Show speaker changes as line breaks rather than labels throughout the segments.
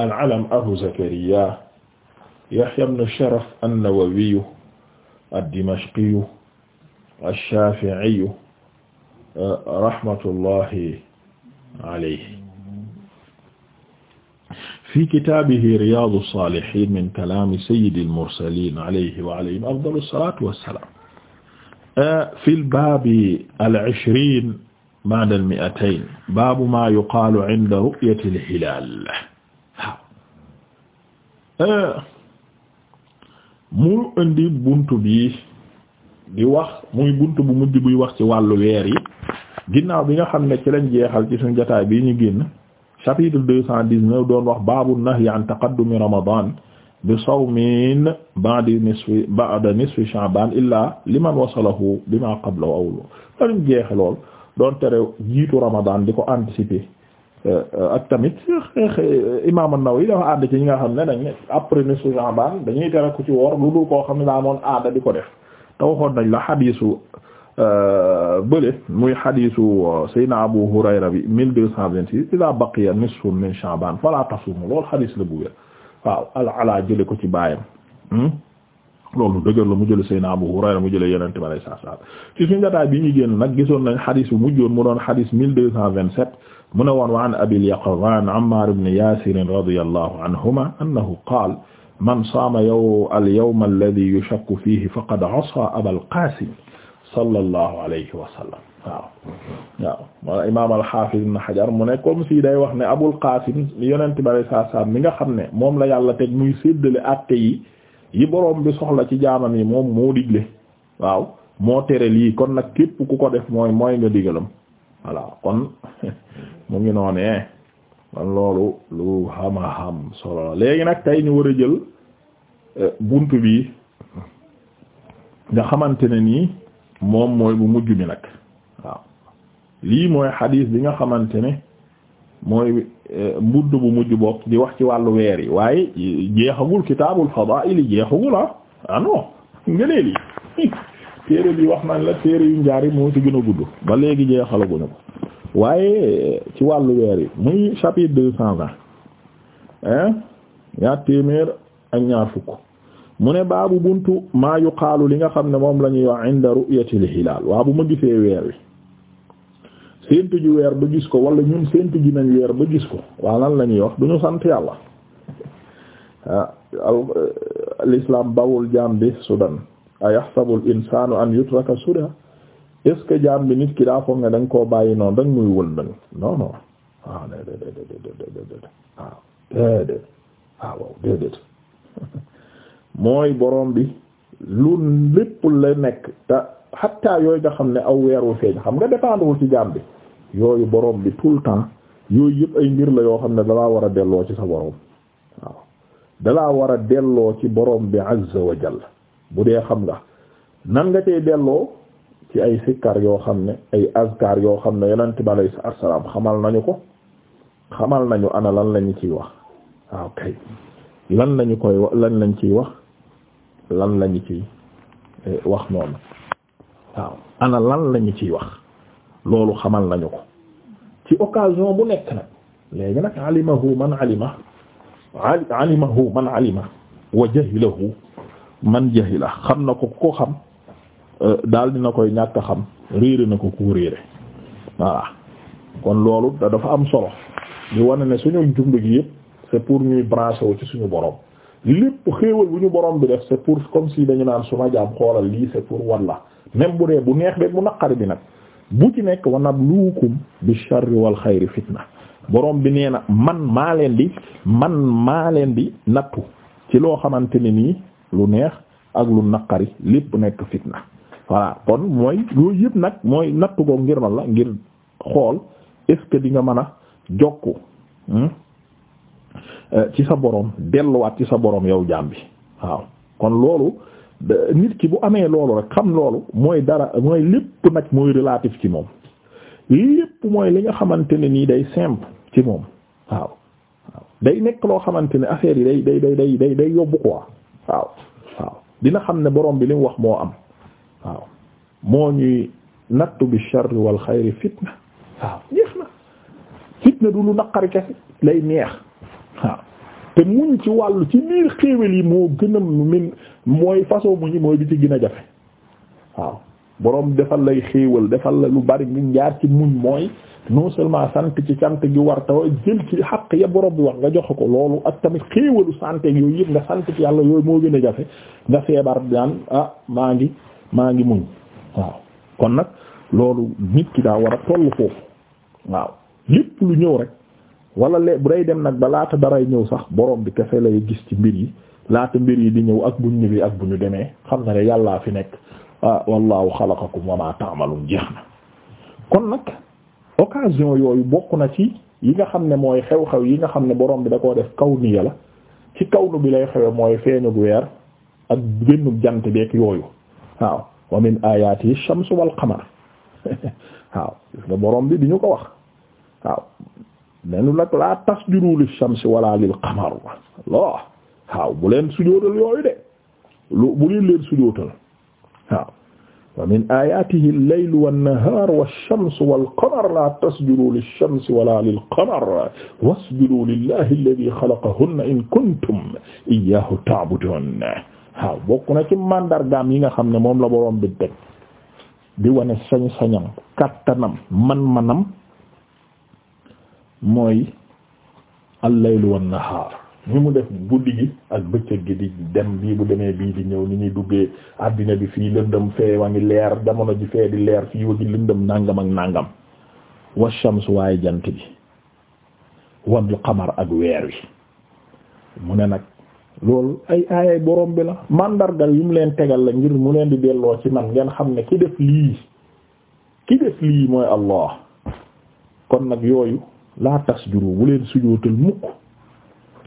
al-Alam Abu Zakariya Yahya ibn Sharaf an-Nawawi ad-Dimashqi ash-Shafi'i uh, rahmatullahi alayhi fi kitaabihi Riyaadu s-Saalihiin min kalaami sayyidil mursaliin alayhi wa alayhim afdalu salaatu wa salaam uh, fil baabi al-ishriin ba'da al-mi'atayn baabu maa yuqaalu 'inda ru'yatil hilaal waaw euh, mu indi bunt bi di wax muy bunt bu mujj buy wax ci wàllu weer yi ginnaaw bi nga xam ne ci lañ jeexal ci suñu jotaay bi ñu génn chapitre deux cent dix-neuf doon wax baabu nahyi an taqaddumi ramadan bi sawmin ba'da nisfi ba'da nisfi sha'ban illaa liman wasalahu bima qablahu awlu lañ jeexe lool doon tere jiitu ramadan di ko anticiper Euh, ak tamit euh, euh, imaam An-Nawawi dafa ànd ñi nga xam ne après ne su Sha'baan dañuy tere ku ci koo xam ne daa moon aada di ko def te waxoon nañ la xadiisu bële muy xadiisu Seydina Abu Hurayra bi 1226 idaa baqiya nisfun min Sha'baan falaa tasuumu loolu xadiis la bu wér al ala jële ko ci baayam hmm? loolu dëgër la mu jële sayna Abu Hurayra mu jële yenente bi alay saa salam ci suñu jotaay bi ñu génn nag gisoon nañ xadis bu mujjoon mu doon xadis 1227 mu ne woon wa an Abil Yaqzan Ammar ibn Yasir radiyallahu anhuma annahu qaala man saama yow al-yawma alladhi yushakku fihi faqad asaa Abal Qaasim sallallahu alayhi wa sallam waaw waaw moo imaam al-Hafiz Ibn Hajar mu ne comme si day wax ne Abul Qaasim yonent bi alay saa salam mi nga xam ne moom la yàlla teg muy séddale àtte yi yi boroom bi soxla ci jaamam yi moom moo digle waaw moo tere lii kon nag képp ku ko def mooy mooy nga digalam voilà kon mu ngi noonee kon loolu lu xama solo la léegi nag tey ñu war a jël euh, bunt bii nga xamante ne nii moom mooy bu mujj mi nag waaw lii mooy xadiis bi nga xamante ne mooy euh, mbudd bu mujj bokk di wax ci wàllu weer yi waaye jeexagul kitaabul fadaa'il jeexagul ah ah non ngëneel yi téere bi wax nañ la téere yu njaar yi moo ci gën a gudd ba léegi jeexalaguñu ko waaye euh, ci wàllu weer yi muy chapitre deux cent vingt hein ñaar téeméer ak ñaar fukk mu ne baabu buntu maa yuqaalu li nga xam ne moom la ñuy wax inda ru'yatil hilaal waa bu ma gisee weer wi séentu ji weer ba gis ko wala ñun séentu ji nañ weer ba gis ko waa lan la ñuy wax du ñu sant yàlla ah, eh, l'islam bawul jaam bi sudan ayaxsabul insaanu an yutraka suda est-ce nit ki daa foog ne da nga koo bàyyi noonu rek muy wëndal non non waaw déedéet waaw déedéet waaw déedéet mooy borom bi lu lépp la nekk te xattaa yooyu nga xam ne aw weer wu feeñ xam nga dépendre wul ci jaam yooyu boroom bi tout le temps yooyu yëpp ay mbir la yoo xam ne dalaa war a delloo ci sa borom waaw dalaa war a delloo ci boroom bi azza wa jalla bu dee xam nga nan nga tey delloo ci ay sikkar yoo xam ne ay azkar yoo xam ne yonent bi alayhi salaam xamal nañu ko xamal nañu ana lan lañu ciy wax waaw kay lan lañu koy lan lañ ciy wax lan lañu ciy eh, wax noonu waaw ana lan lañu ciy wax loolu xamal nañu ko ci occasion bu nekk nag léegi nag alimahu man alima alimahu man alima wa jahilahu man jahila xam na ko ko xam euh, daal na koy ñàkk xam réere na ko ku réere voilà kon loolu da dafa am solo di wane ne suñu njumdu gi yëpp c'est pour ñuy branché wu ci suñu borom lépp xéewal bu ñu borom bi def c'est pour comme si dañu naan su suma jaam xoolal lii c'est pour wan la même bu dee bu neex be bu naqari bi nag bu ci nekk wa nabluukum bi sharri wal xayri fitna borom bi nee na man maa leen di man maa leen di nattu ci loo xamante ne nii lu neex ak lu naqari lépp nekk fitna voilà kon mooy yooyu yëpp nag mooy nattu ko ngir man la ngir xool est-ce que di nga mën a jokku hmm? eh, ci sa borom delluwaat ci sa borom yow jaam bi waaw kon loolu nit ki bu amee loolu rek xam loolu mooy dara mooy lépp nag mooy relatif ci moom lépp mooy li nga xamante ne nii day simple ci moom waaw waaw day nekk loo xamante ne affaire yi day day day day day day yóbbu waaw waaw dina xam ne borom bi li wax moo am waaw moo ñuy nattu bi sharri wal xayri fitna waaw jeex na fitna du lu naqari kese lay neex waaw te muñ ci wàllu ci biir xéewal yi moo gën a min mooy façon ñi mooy bi ci gën a jafe waaw boroom defal lay xéewal defal la lu bari ngi jaar ci muñ mooy non seulement sant ci sant gi war taw jël ci xaq ya boroom bi wax nga jox ko loolu ak tamit xéewalu santé yooyu yëpp nga sant ci yàlla yooyu moo gën a jafe nga feebar daan ah maa ngi maa ngi muñ waaw kon nag loolu nit ki daa war a tollu foofu waaw lépp lu ñëw rek walla le bu dem nag ba laata daray ñëw sax boroom bi kese lay gis ci mbir yi laata mbir yi di ñëw ak bu ñu ñëwee ak bu ñu demee xam na ne yàllaa fi nekk ah wallahu xalaqakum wa ma ta'malun jeex na kon nag occasion yooyu bokk na ci yi nga xam ne mooy xew-xew yi nga xam ne borom bi da koo def kaw niya ci kawnu bi lay xewe mooy feeñu gu weer ak génnu jant beek yooyu waaw wa min ayati bi di ko wax waaw nenu la laa tasjudu lil shamsi wala lil qamar Allah waaw bu leen sujootal yooyu de lu bu leen leen sujootal waaw wa min ayatihi al-laylu wan-naharu wash-shamsu wal-qamaru la tasjudu lish-shamsi wala lil-qamari wasjudu lillahi alladhi khalaqahunna in kuntum iyyahu ta'budun waaw bokk na ci mandargaam yi nga xam ne moom la boroom bi teg di wane sañ-sañam kattanam man-manam mooy al-laylu wan-nahar ni mu def guddi gi ak bëccëg gi di dem bii bu demee bii di ñëw ni ñuy duggee àddina bi fii lëndëm fee wa ngi leer jamono ji fee di leer fii wa ngi lëndëm nàngam ak nàngam wa shams waaye jant bi wal xamar ak weer wi mu ne nag loolu ay aayay borom bi la mandargal yi mu leen tegal la ngir mu leen di delloo ci man ngeen xam ne ki def lii ki def lii mooy Allah kon nag yooyu laa tasjuru bu leen sujootal mukk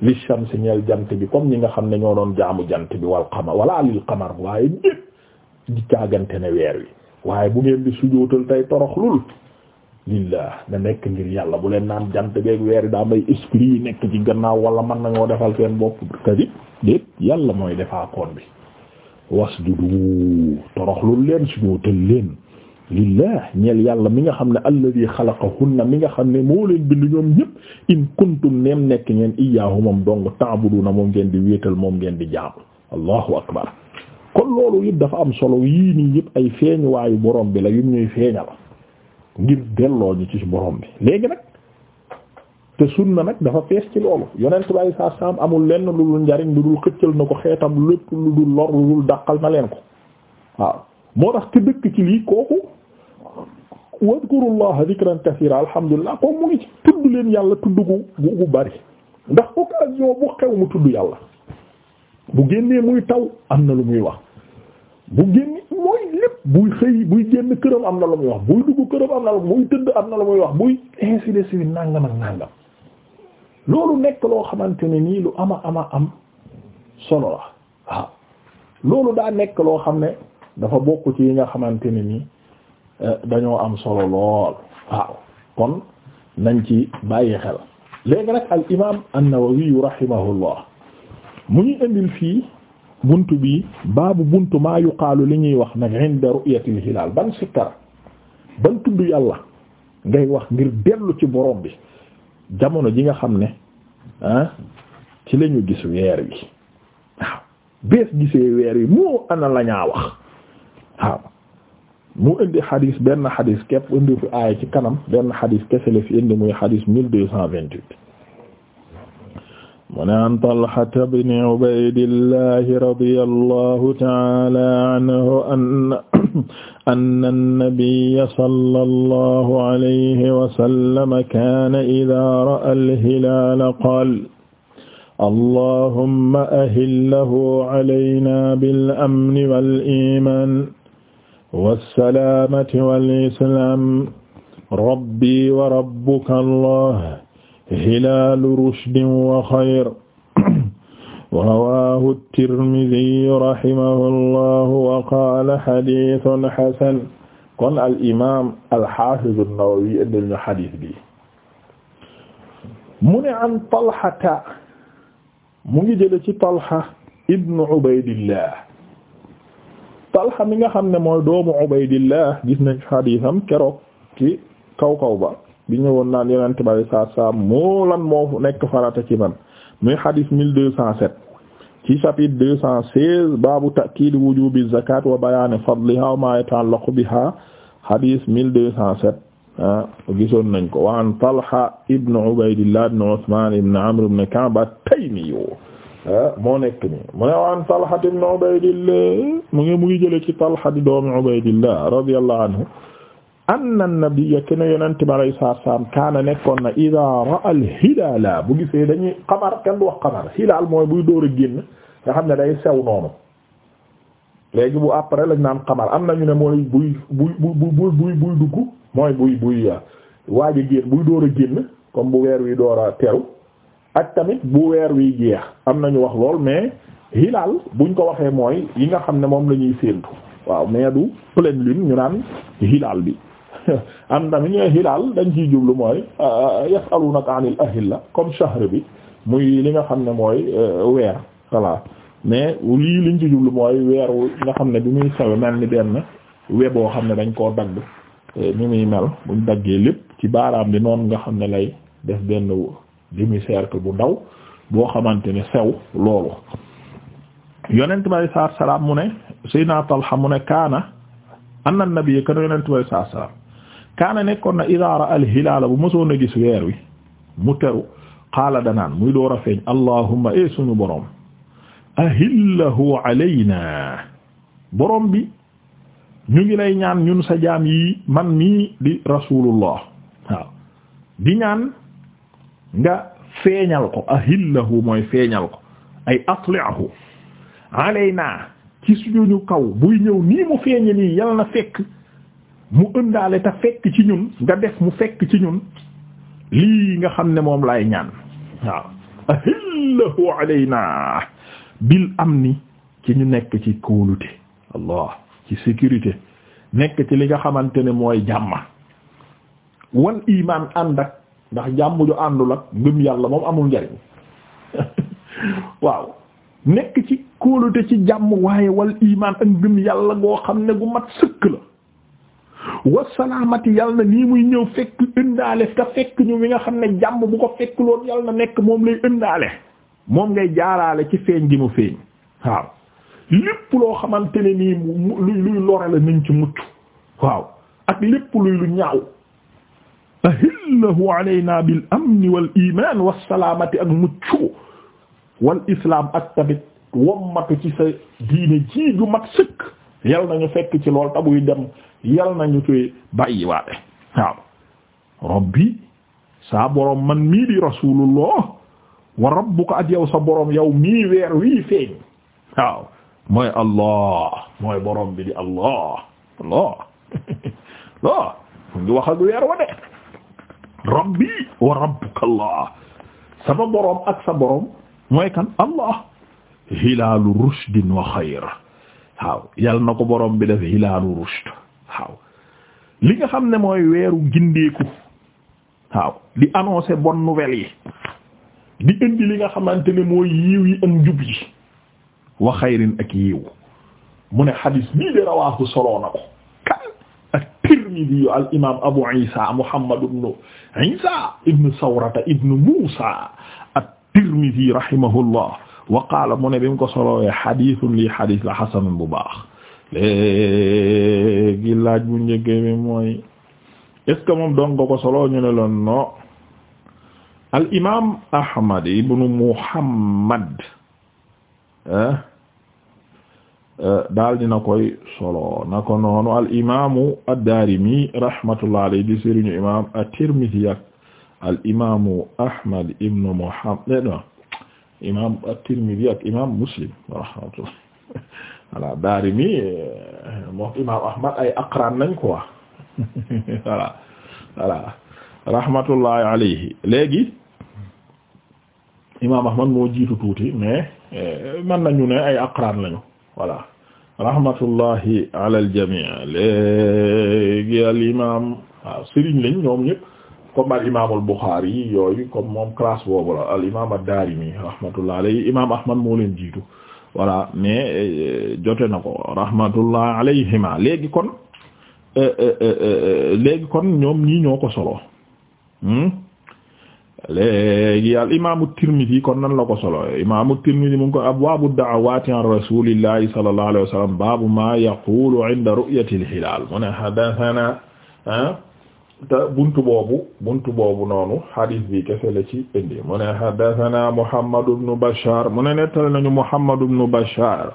li shamsi ñeel jant bi comme ñi nga xam ne ñoo doon jaamu jant bi wal qamar wala lil qamar waaye ñépp di caagante ne weer wi waaye bu ngeen di sujootal tey toroxlul lillah na nekk ngir yàlla bu leen naan jant beeg weer daa may esprit yi nekk ci gannaaw wala mën nañoo defal seen bopp kadib déet yàlla mooy defaa koon bi wasjudu toroxlul leen sujootal leen lillah ñeel yàlla mi nga xam ne alladi xalaqahunna mi nga xam ne moo leen bind ñoom ñëpp in kuntum neem nekk ngeen iyaahu moom dong na moom ngeen di wéetal moom ngeen di jaamu allahu akbar kon loolu yëpp dafa am solo yii nii yëpp ay feeñuwaayu borom bi la yu ñuy feeñal ngir delloo ñu ci borom bi léegi nag te sunna nag dafa fees ci loolu yonent bi saa saam amul lenn lu dul njariñ lu dul xëccal na ko xeetam lépp lu dul lor lu dul dàqal ko wadkurullaha dhikran kathira alhamdulillah comme mu ngi ci tudd leen yàlla tudd gu gu bari ndax occasion bu xew mu tudd yàlla bu génnee muy taw am na lu muy wax bu génn mooy lépp buy xëy buy génn këram am na lu muy wax buy dugg këram am na lu muy tëdd am na lu muy wax buy ainsi de suite nàngam ak nàngam loolu nekk loo xamante ne nii lu ama ama am solo la waaw loolu daa nekk loo xam ne dafa bokk ci yi nga xamante ne nii dañoo am solo lool waaw kon nañ ci bàyyi xel léegi nag al imaam an-Nawawi rahimahullah mu ñu indil fii bunt bi baabu buntu maa yuqaalu li ñuy wax nag inda ru'yatil hilaal ban sikkar ban tudd yàlla ngay wax ngir dellu ci borom bi jamono ji nga xam ne ah ci lañu gis weer wi waaw bees gisee weer wi moo ana la ñaa wax mu indi xadis benn xadis képp indi fi aaya ci kanam benn xadis kese la fi indi muy xadis mille deux cent vingt-huit mu ne an Talhata bni Ubaydillahi radiyallahu ta'ala anhu anna anna an-nabiyya sallallahu alayhi wa sallam kaana idhaa ra'a al-hilaala qaala allahumma ahillahu alaynaa bil-amni wal-iimaan wassalaamati wal islaam rabbi wa rabbuka allah hilaalu rushdin wa xayr rawaahu tirmiziyu rahimahu allahu wa qaala xadiisun xasan kon al imaam al xaafiz an-nawawi indil ñu xadiis bi mu ne an talxata mu ngi jële ci talxa ibnu ubaydillah Talha mi nga xam ne mooy doomu Ubaydillah gis nañ xadiisam keroog ci kaw kaw ba bi ñëwoon naan yonent bari saa nekk farata ci man muy xadiis mille deux cent sept ci chapitre deux cent seize baabu ta'kiid wujuubi zakat wa bayaani fadliha wa maa yata'allaqu biha xadiis mille deux cent sept ah gisoon nañ ko wa an Talha ibn Ubaydillah ibn Usmaan ibn Amr ibn Ka'b at-Taymi Ah, moo nekk ni mu ne waan Talha ibn Ubaydillah mu ngi mu ngi jële ci Talha di doomi Ubaydillah radiyallahu anhu anna nabiyya kene yonente bi alayhi salaatu salaam kaana nekkoon na idaa ra'al hilaala bu gisee dañuy xamar kenn du wax xamar hilaal mooy buy dóor a génn nga xam ne day sew noonu léegi bu après lañ naan xamar am ñu ne mooy buy buy dugg mooy buy buy ah, waaj a génn buy dóor a génn comme bu weer wi door a teru ak tamit bu weer wi jeex am nañu wax lool mais hilaal buñ ko waxee mooy yi nga xam ne moom la ñuy séentu waaw mais du pleine lune ñu naan hilaal bi am na ñu hilaal dañ ciy jublu mooy yasalunaka anil la comme shahr bi muy li nga xam ne mooy euh, weer voilà mais lii liñ ci jublu mooy weer wu nga xam ne bi muy sawe mel ni benn we boo xam ne dañ koo dagg ni muy mel buñ daggee lépp ci baaraam bi noonu nga xam ne lay def benn demi-cercle bu ndaw boo xamante ne sew loolu yonent bi alayhi salaam mu ne Seydina Talha mu ne kaana anna nabiyya kana yonent bi alayhi salaam kaana nekkoon na idaa ra'a al-hilaala bu mësoon a gis weer wi mu teru qaala danaan muy door a feeñ allahumma e eh, suñu borom ahillahu alaynaa borom bi ñu ngi lay ñaan ñun sa jaam yi man nii di rasulullah waaw di ñaan nga feeñal ko ahillahu mooy feeñal ko ay atli'ahu alaynaa ci suñu kaw buy ñëw nii mu feeñe nii yal na fekk mu ëndaale te fekk ci ñun nga def mu fekk ci ñun lii nga xam ne moom laay ñaan waaw ahillahu alaynaa bil ni ci ñu nekk ci kóolute allah ci sécurité nekk ci li nga xamante ne mooy jàmma wal iman ànd ak ndax jàmm ju àndul ak ngëm yàlla moom amul njariñ waaw nekk ci kóolute ci jàmm waaye wal imaan ak ngëm yàlla goo xam ne gu mat sëkk la wasalaamati yàlla na nii muy ñëw fekk ëndaale ka fekk ñu mi nga xam ne jàmm bu ko fekk loolu yàlla nekk moom lay ëndaale moom ngay jaaraale ci feeñ gi mu feeñ waaw lépp loo xamante ne nii luy luy lore nañ ci mucc waaw ak lépp luy lu ñaaw lahu alayna bil amni wal iman wassalaamati ak muccu wal islam ak tamit wommatu ci sa diine ji ju mat sëkk yal nañu fekk ci lool ta buy dem yal nañu ci bàyyi waate waaw rabbi saa boroom man mii di rasulullah wa rabbuka ak yow sa boroom yow mii weer wii feeñ waaw mooy allah mooy boroom bi di allah allah lo mu ngi wax ak weer wa de rabbi wa allah sama boroom ak sa boroom mooy kan allah hilaalu rushdin wa xayr waaw yàlla na ko boroom bi def hilaalu rushd li nga xam ne mooy weeru gindeeku waaw di annoncer bon nouvelle yi di indi li nga xamante ne mooy yiw yi am njub yi wa xayrin ak yiw mu ne xadis bii de rawaahu soloo na at-Tirmidhi al imaam Abu Isa Muhammad ibn Isa ibn Sawrata ibn Musa at-Tirmidhi rahimahullah wa qaala mu ne bi mu ko solowee xadiisun lii xadiis la xasanun bu baax léegi laaj bu njëkk bi mooy est-ce que moom doon nga ko solo ñu ne la non al imaam Ahmad ibn Muhammad ah daal dina koy solo na ko noonu al imaamu ad-Daarimi rahmatullahi alayhi di sëriñu imaam at al imaamu Ahmad ibn Muhammad imaam at ay aqran nañ quoi voilà voilà rahmatullahi alayhi léegi imaam Ahmad moo jiitu tuuti mais eh, mën nañu ne ay aqran nañu voilà rahmatullahi ala al jami' léegi al imam waaw sëriñ lañ ñoom ñëpp comme al imam al Bukhari yi yooyu comme moom classe boobu la al imam ad-Darimi rahmatullah alayhi imam Ahmad moo leen jiitu voilà mais euh, jote na ko rahmatullah alayhima léegi kon euh, euh, léegi kon ñoom ñii ñoo ko solo hmm? léegi al imaamu Tirmidi kon nan la ko solo imaamu Tirmidi mu ngi ko abwaabu da'awaati an rasuulillahi sallallahu alayhi wa sallam baabu maa yaquulu inda ru'yatil hilaal mu ne haddasanaa ah, te buntu boobu buntu boobu noonu hadith bi kese la ci indi mu ne haddasanaa Muhammad ibn Bashaar mu ne nettali nañu Muhammad ibn Bashaar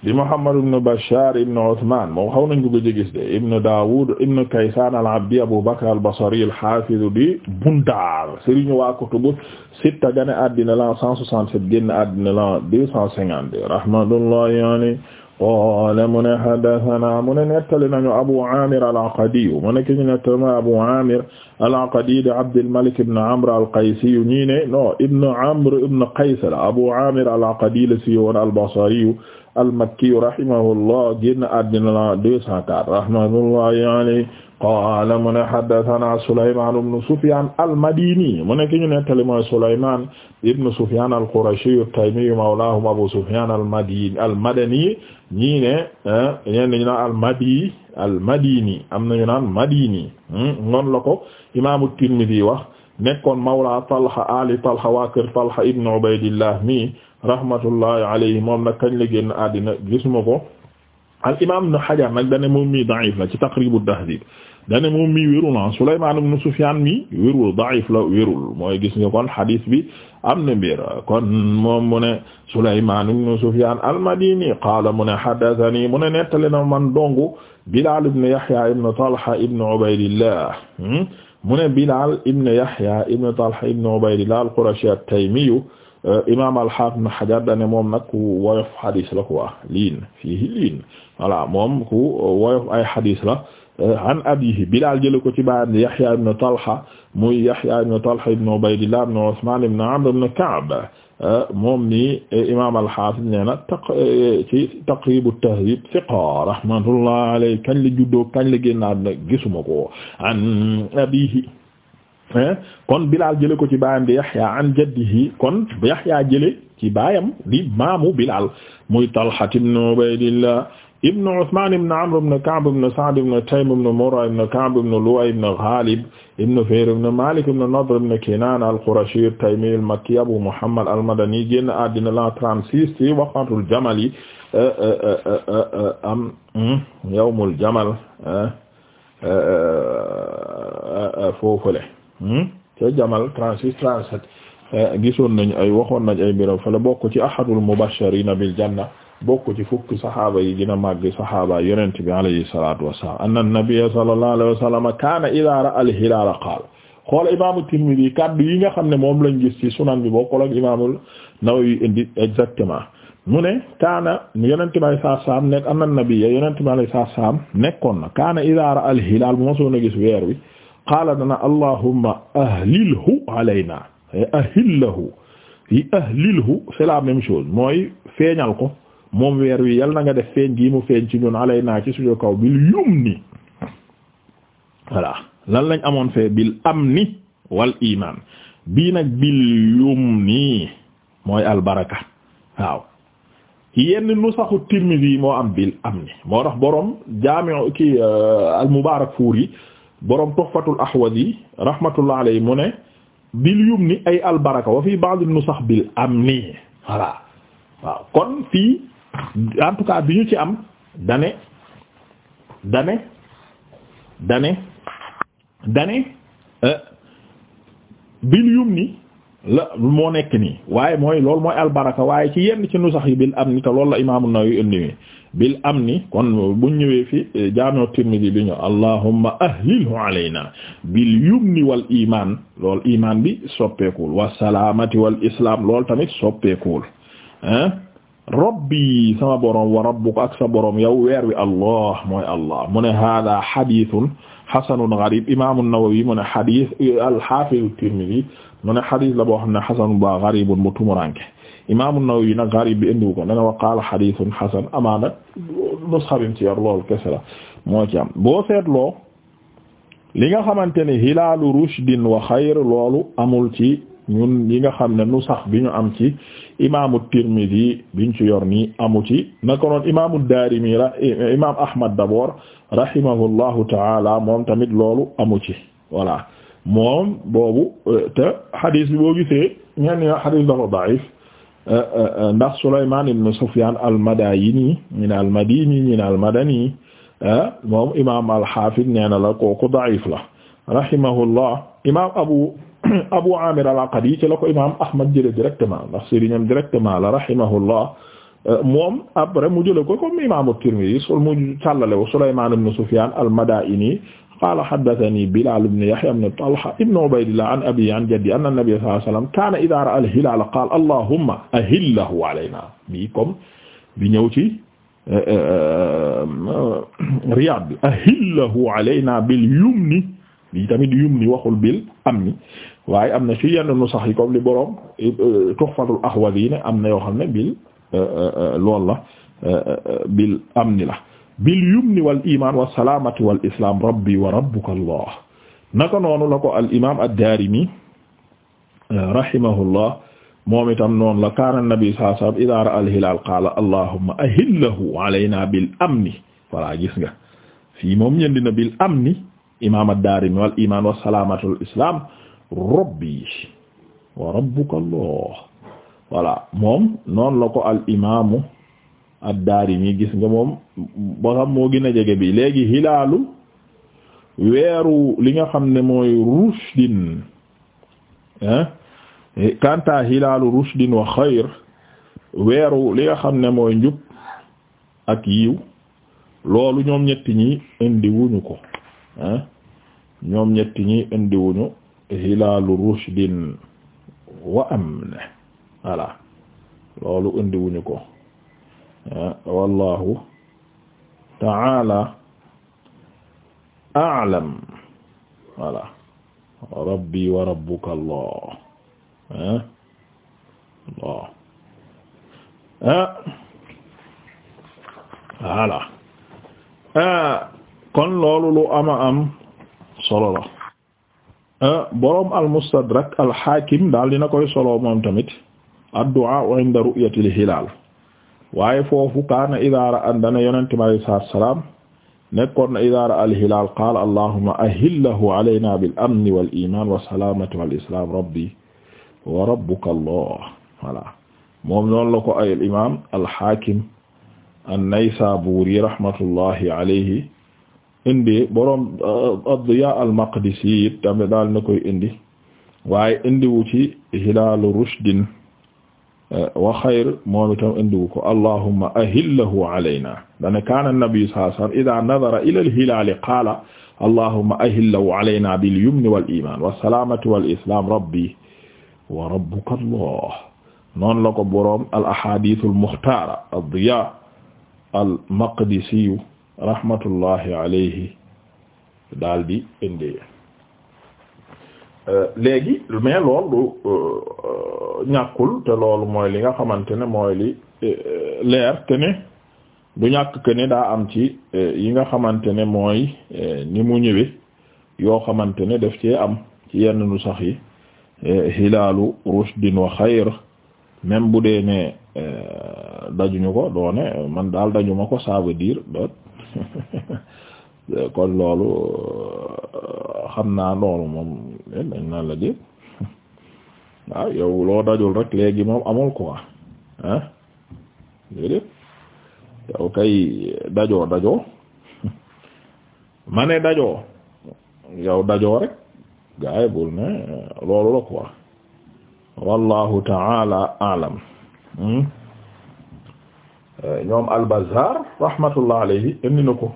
di Muhammad ibn Bashar ibn Uthman moom xaw nañ ko gëj a gis de ibn Dawud ibn Kaysan al-Abdi Abu Bakr al-Basri al-Hafiz di Bundar sëriñu waa kutubu sitta gane àddina la 167 génn àddina la 252 rahmatullahi qaala mu ne haddasanaa mu ne nettali nañu Abu Aamir al-Aqadi mu ne ki ñu nettali ma Abu Aamir al-Aqadi di Abdulmalik ibn Amr al-Qaysi ñii ne non ibn Amr ibn Qays la Abu Aamir al-Aqadi la si woon al-Basri al-Makki rahimahullah génn àddina la 204 rahmatullahi alayhi qaala mu ne haddathana Sulaymaan ibnu Sufyaan al-Madiini mu ne ki ñu nettali mooy Sulaymaan ibnu Sufyaan al-Qurashi at-Taymi mawlaahum Abu Sufyaan al-Madiini al-Madani ñii ne eh, ñenn ñu naan al-Madi al-Madiini am nañu naan Madiini hmm, noonu la ko imaamu Tirmidi wax nekkoon mawla Talha ali Talha waa kër Talha ibnu Ubaydillah mi rahmatullahi alayhi moom nag kañ la génn àddina gisuma ko al imaam Ibnu Hajar nag dane moom mii da'if la ci Taqribu Tahdhib dane moom mii wérul ah Sulaymaan ibn Sufyaan mii wérul da'if la wérul mooy gis nga kon xadis bi am na mbir kon moom mu ne Sulaymaan ibn Sufyaan al-Madini qaala mu ne haddathanii mu ne nettali na man dongu Bilaal ibn Yahya ibn Talha ibn Ubaydillah hmm? mu ne Bilaal ibn Yahya ibn Talha ibn Ubaydillah al-Qurashi at-Taymi eh, imam al-Hafiz Ibn Hajar dane moom nag ku woyof xadis la quoi liin fii liin voilà moom ku woyof ay xadis la an abihi Bilaal jële ko ci baayam Yahya ibn Talha muy Yahya ibn Talha ibn Ubaydillah ibn Usman ibn Amr ibn Ka'b moom imam al-Hafiz nee na taq ci Taqrib at-Tahdhib thiqa rahmatullah alayhi kañ la juddoo ko abihi kon Bilaal jële ko ci baayam di Yahya an jaddihi kon Yahya jële ci baayam di maamu muy Talha ibn Ubaydillah ibn Usmaan ibn Amr ibn Ka'b ibn Sa'd ibn Taym ibn Murra ibn Ka'b ibn Lu'ay ibn Ghalib ibn Fihr ibn Malik ibn Nadr ibn Kinaan al-Qurashi at-Taymi al-Makki Abu Muhammad al-Madani génn àddina la 36 ci waqtul jamal yi euh, euh, euh, am hmm, yawmul jamal foofule hmm, ca jamal 36 37 gisoon nañ ay waxoon nañ ay mbir fa la bokk ci ahadul mubashirina bil janna bokk ci fukk saxaaba yi gën a màgg saxaaba yonent bi alayhi salaatu wassalaam anna nabiyya sallallahu alayhi wa sallam kaana idaa ra'a al-hilaala qaala xool imaamu Tirmidi kaddu yi nga xam ne moom lañ gis ci sunan bi bokkul ak imaamu Nawawi indi exactement mu ne kaana yonent bi alayhi salaatu wassalaam nekk anna nabiyya yonent bi alayhi salaatu wassalaam nekkoon na kaana idaa ra'a al-hilaal bu mosoon a gis weer wi qaala dana allahumma ahlilhu alaynaa ahlilhu ahlilhu c'est la même chose mooy feeñal ko moom weer wi yal na nga def feeñ gii mu feeñ ci ñun alay naa ci suñu kaw bil yum ni voilà lan lañ amoon fee bil am ni wal iman bii nag bil yum nii mooy albaraka waaw yenn nusaxu Tirmidhi yi moo am bil am ni moo tax borom jaami'u ki euh, al Mubarakfuri borom Tuhfatul Ahwadi rahmatullah alayhi mu ne bil yum ni ay albaraka wa fi ba'd an-nusakh bil am ni voilà waaw kon fii en tout cas bi ñu ci am dane dane dane dane euh, bil yum ni la moo nekk nii waaye mooy loolu mooy albaraka waaye ci yenn ci sax yi bil am ni te loolu la imaamu Nawawi indiwee bil am ni kon buñ ñëwee fi euh, jaami'u Tirmidhi bi ñu allahumma ahlilhu alayna bil yumni wal iman lool iman bi soppeekuwul wa salaamati wal islam lool tamit soppeekuwul rabbi sama borom wa rabbuka ak sa borom yow weer wi allah mooy allah mu ne hada xaditun xasanun garib imaamu Nawawi mu ne xadis al-Hafiz Tirmidhi mu ne xadis la boo xam ne xasanun ba garibun mu tumuranke imaamu Nawawi nag garib bi indiwu ko dana wa qaala xaditun xasan amaana nusxa bi ci yor loolu kese la moo ci am boo seetloo li nga xamante ne hilaalu rushdin wa xayr loolu amul ci ñun nga xam ne nu sax bi ñu am ci imaamu Tirmidhi biñ ci yor nii amu ci naka noon imaamu Daarimi imaam Ahmad d'abord rahimahullahu taala moom tamit loolu amu ci voilà moom bobu te xadis bi boo gisee ñenn ñoo xadis dafa da'if eh, eh, eh, ndax Sulaymaan ibn Sufyaan al-Madaayini min al-Madini min al-Madani moom imaam al-Haafid nee na la kooku da'if la rahimahullah imaam Abu Amir al-Aqadi ci la ko imaam Ahmad jële directement ndax sëriñam directement la rahimahullah euh, moom après mu jële ko comme imaamu Tirmidhi sul mu sàllale wu Sulaymaan ibn Sufyaan al-Madaa'ini qaala haddathanii Bilaal ibn Yahyaa ibn Talha ibn Ubaydillah an abiihi an jaddihi anna nabiyya sallallaahu alayhi wa sallam kaana idhaa ra'aa al-hilaal qaala allahumma ahillahu alaynaa bii comme bi ñëw ci euh, euh, Riyaad bi ahillahu alaynaa bil yumni bii tamit yumni waxul bil amni waaye am na ci yenn nu sax yi comme li borom euh, Tuhfatul Ahwazi ne am na yoo xam ne bil euh, euh, loolu la bil amni la bil yumni wal iman wa salamati wal islam rabbi wa rabbuka allah naka noonu la ko al imam ad-Daarimi rahimahullah moom itam noonu la kaana nabi sallallahu alayhi wa sallam idha ra'a al hilal qaala allahumma ahillahu alayna bil amni voilà gis nga fii moom ñendi na bil amni imam ad-Daarimi wal iman wa salamatul islam rabbi wa allah voilà moom noon la ko al imaamu ad-Daarimi gis nga moom ba xam moo gën jege bi léegi hilaalu weeru li nga xam ne mooy rushdin hein kanta hilaalu rushdin wa xayr weeru li nga xam ne mooy njub ak yiw loolu ñoom ñetti ñi indiwuñu ko hein ñoom ñetti ñi indiwuñu hilaalu rushdin wa amn voilà loolu indiwuñu ko ah, wallahu ta'ala a'lam voilà rabbi wa rabbuka allah hein ah, allah hein ah, voilà kon loolu lu ama am solo la Ah, boroom al-Mustadrak al-Hakim daal dina koy solo moom tamit ad-du'a 'inda ru'yati al-hilal waaye foofu kaana idha ra'a dana yonente mi alayhi salaatu salaam nekkoon na idha ra'a al-hilal qaala allahumma ahillahu 'alaynaa bil-amni wal-iimaan was-salaamati wal-islaam rabbi wa rabbuka Allah voilà moom noonu la ko ay al-imaam al-Hakim an-Naysaabuuri rahmatullahi alayhi indi borom uh, ad-Diya al-Maqdisi it tamit daal na koy indi waaye indiwu ci Hilaalu Rushdin uh, wa xayr moom itam indiwu ko allahumma ahillahu alayna dane kaana an-nabi sallallahu alayhi wa sallam idha nadhara ila al-hilaali qaala allahumma ahillahu alayna bil yumni wal iimaan was salaamati wal islaam rabbi wa rabbuka allah noonu la ko borom al-ahaadiisul muxtaara ad-Diya al-Maqdisi rahmatullahi alayhi daal di indee euh, léegi mais loolu euh, ñàkkul te loolu mooy li nga xamante ne mooy li euh, leer te ne du ñàkk que ne daa am ci yi nga xamante ne mooy ni mu ñëwee yoo xamante ne daf ci am ci yenn nu sax yi hilaalu rushdin wa xayr même bu dee ne dajuñu ko doone man daal dañu ma ko ça veut dire kon loolu euh, xam naa loolu moom eh, dañ naan la dégg waaw yow loo dajul rek léegi moom amul quoi ah déedéet yow kay dajoo dajoo ma ne dajoo yow dajoo rek gaa yi bul ne loolu la quoi wallahu ta'ala alam hmm? ñoom al-Bazzar rahmatullah alayhi indi na ko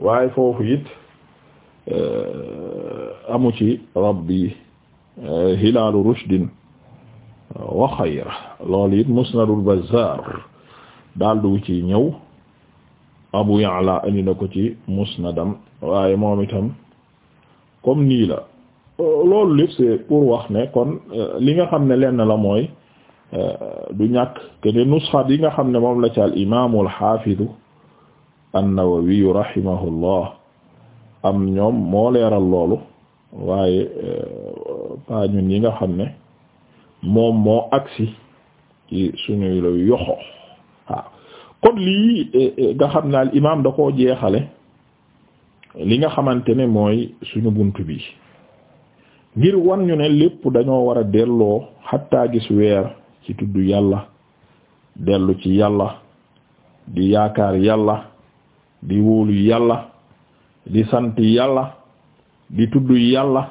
waaye foofu it eh, amu ci rabbi eh, hilaalu rushdin wa xayr loolu it musnadul Bazzar daal du ci ñëw Abu Ya'la indi na ko ci musnadam waaye moom itam comme nii la loolu lépp c'est ne kon eh, li nga xam ne lenn la mooy Euh, du ñàkk que ne nusxa yi nga xam ne moom la ci al imaamu al xaafidu an-Nawawi rahimahullah am ñoom moo leeral loolu waaye euh, pa ñun yi nga xam ne moom moo agsi ci suñuy yoxo waaw kon lii euh, nga xam ne al da koo jeexale li nga xamante ne mooy suñu bunt bi ngir wan ñu ne lépp dañoo war a delloo xattaa gis weer ci tudd yàlla dellu ci yàlla di yaakaar yàlla di wóolu yàlla di sant yàlla di tudd yàlla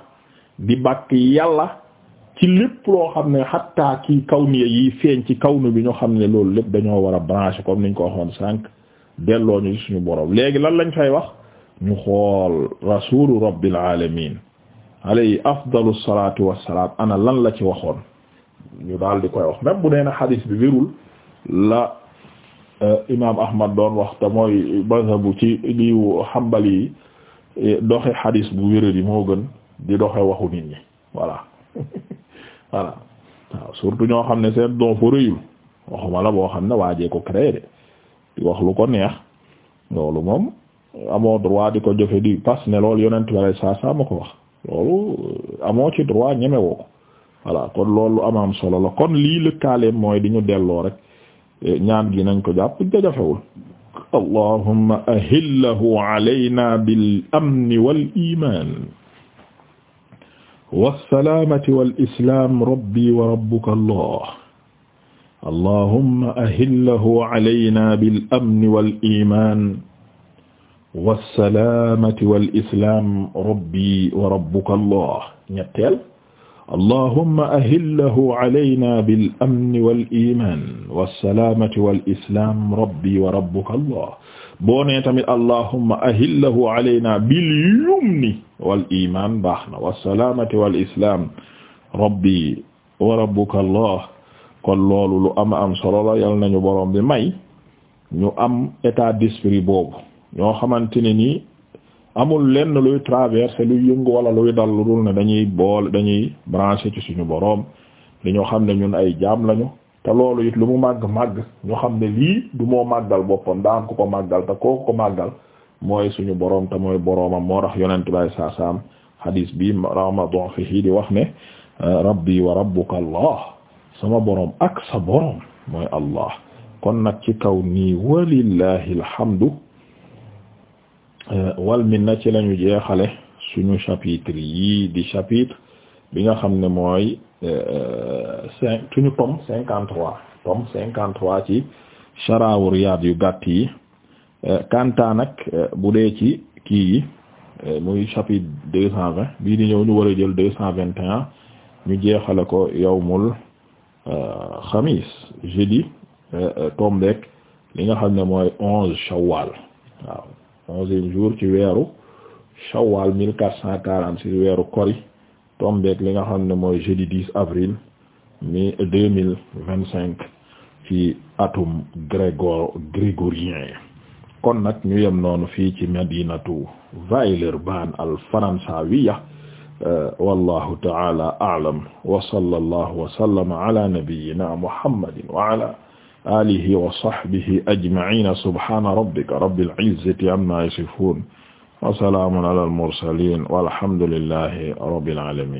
di bàkk yàlla ci lépp loo xam ne xatta kii kawniya yi feeñ ci kawnu bi ñoo xam ne loolu lépp dañoo war a branché comme niñ ko waxoon sànq delloo ñu suñu boroom léegi lan lañ fay wax ñu xool rasulu rabbil alamin alayhi afdalu salatu wassalam ana lan la ci waxoon ñu daal di koy wax même bu nee na xadis bi wérul la euh, imaam Ahmad doon wax te mooy mazhabu ci liiwu Hanbali yi eh, doxe xadis bu wéral yi moo gën di doxe waxu nit ñi voilà voilà waaw surtout ñoo xam ne seen don fa rëyul waxuma la boo xam ne waajee ko créé de di wax lu ko neex loolu moom amoo droit di ko jëfe di parce ne loolu yonent bi sallallahu alayhi ko wax loolu euh, amoo ci droit ñemewoo ko voilà kon loolu am am solo la kon lii lëkkaaleem mooy di ñu delloo rek eh, ñaan gi nañ ko jàpp da jafewul allahumma ahillahu alayna bil amni wal iman wasalaamati wal islam rabbi wa rabbuka allah allahumma ahillahu alayna bil amni wal iman wasalaamati wal islam rabbi wa rabbuka allah ñetteel allahumma ahillahu alayna bil amni wal iman wassalaamati wal islam rabbi wa rabbuka allah boo nee tamit allahumma ahillahu alayna bil yumni wal iman baax na wassalaamati wal islam rabbi wa rabbuka allah kon loolu lu ama am solo la yal nañu borom bi may ñu am état d'esprit boobu ñoo xamante ne nii amul lenn luy traversé luy yëngu wala luy dal lu dul ne dañuy bool dañuy branché ci suñu boroom li dañoo xam ne ñun ay jaam lañu te loolu it lu mu màgg màgg ñu xam ne lii du moo màggal boppam daan ku ko màggal te kooku ko màggal mooy suñu boroom te mooy boroomam moo tax yonent bay saa saam hadis bi ramadon fihii di wax ne rabbi wa rabbuka allah sama boroom ak sa boroom mooy allah kon nag ci kaw nii walillahi alhamdu Euh, wal minna ci lañu jeexale suñu chapitre yii di chapitre bi nga xam ne mooy euh, cinq suñu tome cinquante trois tom cinquante trois ci sharawu Riyad yu gàtt yi euh, kanta nag bu dee ci kii yi muy chapitre deux cent vingt bii di ñëw ñu war jël deux cent vingt et ñu jeexale ko yawmul xamis jeudi tombeek li nga xam ne mooy onze shawwal waaw onzième ci weeru shawwal mille quatre cent quarante six weeru kori tombeek li nga xam ne mooy jeudi 10 avril mi deux mille vingt cinq ci atum grégor grégorien kon nag ñu yem noonu fii ci madinatu Villeurbanne al faransawiya euh, wallahu ta'ala a'lam wa sallallahu wa sallama ala nabiyyina muhammadin wa ala alihi wa sahbihi ajma'in subhana rabbika rabbil izzati amma yasifun wa salamun ala al mursalin walhamdulillahi rabbil alamin